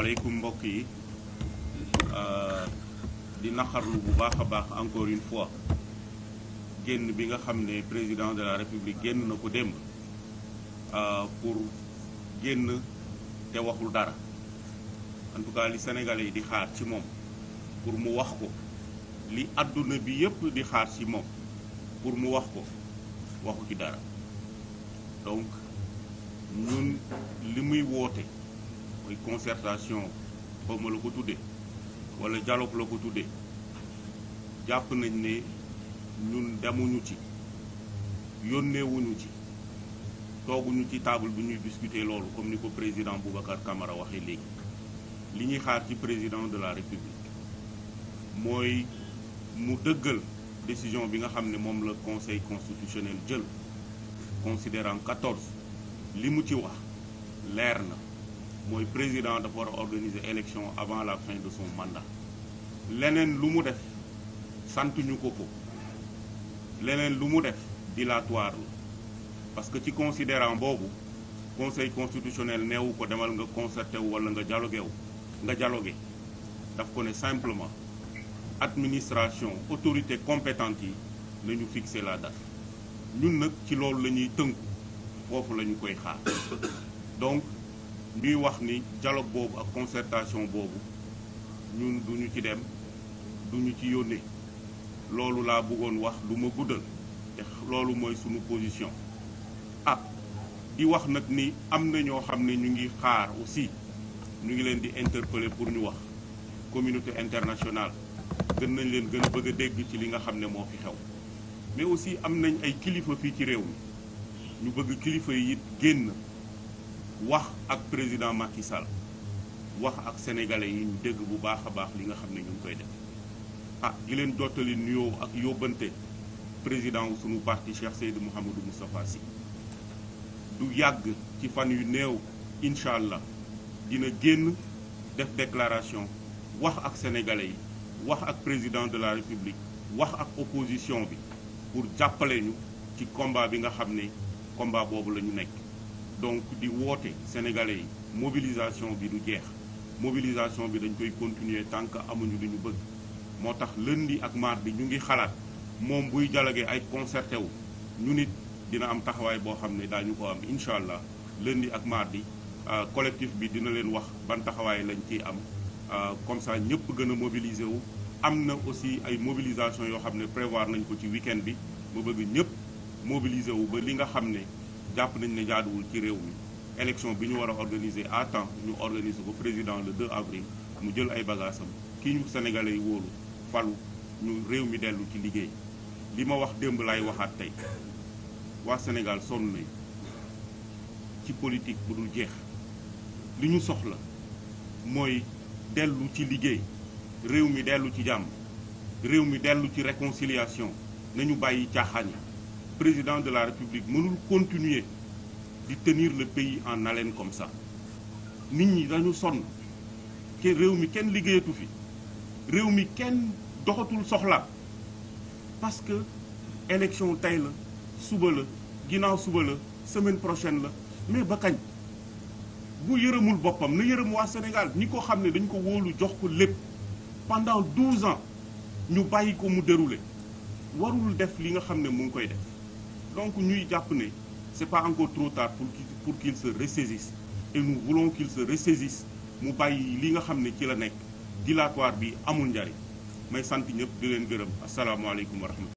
maaleykum mbokk yi euh, di naqarlu bu baax a baax encore une fois génn bi nga xam ne président de la république génn na ko démb euh, pour génn te waxul dara en tout yi di xaar ci moom pour mu wax ko li àdduna bi yépp di xaar ci moom pour mu wax ko waxu ci dara donc ñun li muy woote muy concertation xaw la ko tuddee wala dialogue la ko tuddee jàpp nañ ne ñun demuñu ci yónneewuñu ci tooguñu ci table bi ñuy discuter loolu comme ni ko président Boubacar Camara waxee léegi li ñuy xaar ci président de la république mooy mu dëggal décision bi nga xam ne moom la conseil constitutionnel jël considérant 14 li mu ci wax leer na mooy président dafa war a organiser élection avant la fin de son mandat leneen lu mu def santuñu ko ko leneen lu mu def dilatoire la parce que ci considérant boobu conseil constitutionnel neewu ko demal nga concerté wu wala nga dialogué wu nga dialogué daf ko ne simplement administration autorité compétente yi nañu fixer la date ñun nag ci loolu la ñuy tënku foofu la ñu koy xaar donc ñuy wax ni dialogue boobu ak concertation boobu ñun duñu ci dem duñu ci yónnee loolu laa bëggoon wax du ma guddal te loolu mooy sunu position ah di wax nag ni am na ñoo xam ne ñu ngi xaar aussi ñu ngi leen di interpeller pour ñu wax communauté internationale gën nañ leen gën a bëgg a dégg ci li nga xam ne moo fi xew mais aussi am nañ ay kilifa fii ci réew mi ñu bëgg kilifa yi it génn wax ak président Macky Sall wax ak sénégalais yi ñu dégg bu baax a baax li nga xam ne ñu ngi koy def ah di leen dottali nuyoo ak yóbbante président wu sunu parti Cheikh Seydou Mouhamadou Moustapha Sy du yàgg ci fan yu néew incha allah dina génn def déclaration wax ak sénégalais yi wax ak président de la république wax ak opposition bi pour jàppale ñu ci combat bi nga xam ne combat boobu la ñu nekk. donc di woote sénégalais yi mobilisation bi du jeex mobilisation bi dañ koy continuer tant amuñu lu ñu bëgg moo tax lundi ak mardi ñu ngi xalaat moom buy jalage ay concerté wu ñu nit dina am taxawaay boo xam ne daañu ko am incha allah lëndi ak mardi euh, collectif bi dina leen wax ban taxawaay lañ ciy am euh, comme ça ñëpp gën a mobiliser wu am na aussi ay mobilisation yoo xam ne prévoir nañ ko ci week-end bi ma bëgg ñëpp mobiliser wu ba li nga xam ne jàpp nañu ne jaaduwul ci réew mi élection bi ñu war a organiser à temps ñu organiser ko président le 2 avril mu jël ay bagaasam kii ñu sénégalais yi falu ñu réew mi dellu ci liggéey li ma wax démb laay waxaat tey waa Sénégal sonn nañu ci politique bu dul jeex li ñu soxla mooy dellu ci liggéey réew mi dellu ci jàmm réew mi dellu ci réconciliation nañu bàyyi caaxaan yi président de la république mënul continuer di tenir le pays en haleine comme ça nit ñi dañu sonn ke réew mi kenn liggéeyatu fi réew mi kenn doxatul soxla parce que élection tey la suba la ginnaaw suba la semaine prochaine la mais ba kañ bu yërëmul boppam na yërëm waa Sénégal ñi ko xam ne dañ ko wóolu jox ko lépp pendant 12 ñu bàyyi ko mu dérouler warul def li nga xam ne mu ngi koy def donc ñuy jàpp ne c'est pas encore trop tard pour pour qu'il se ressaisisse et nous voulons qu'il se mu bàyyi li nga xam ne ci la nekk dilatoire bi amul njariñ may sant ñëpp di leen gërëm asalaamaaleykum wa rahmatulah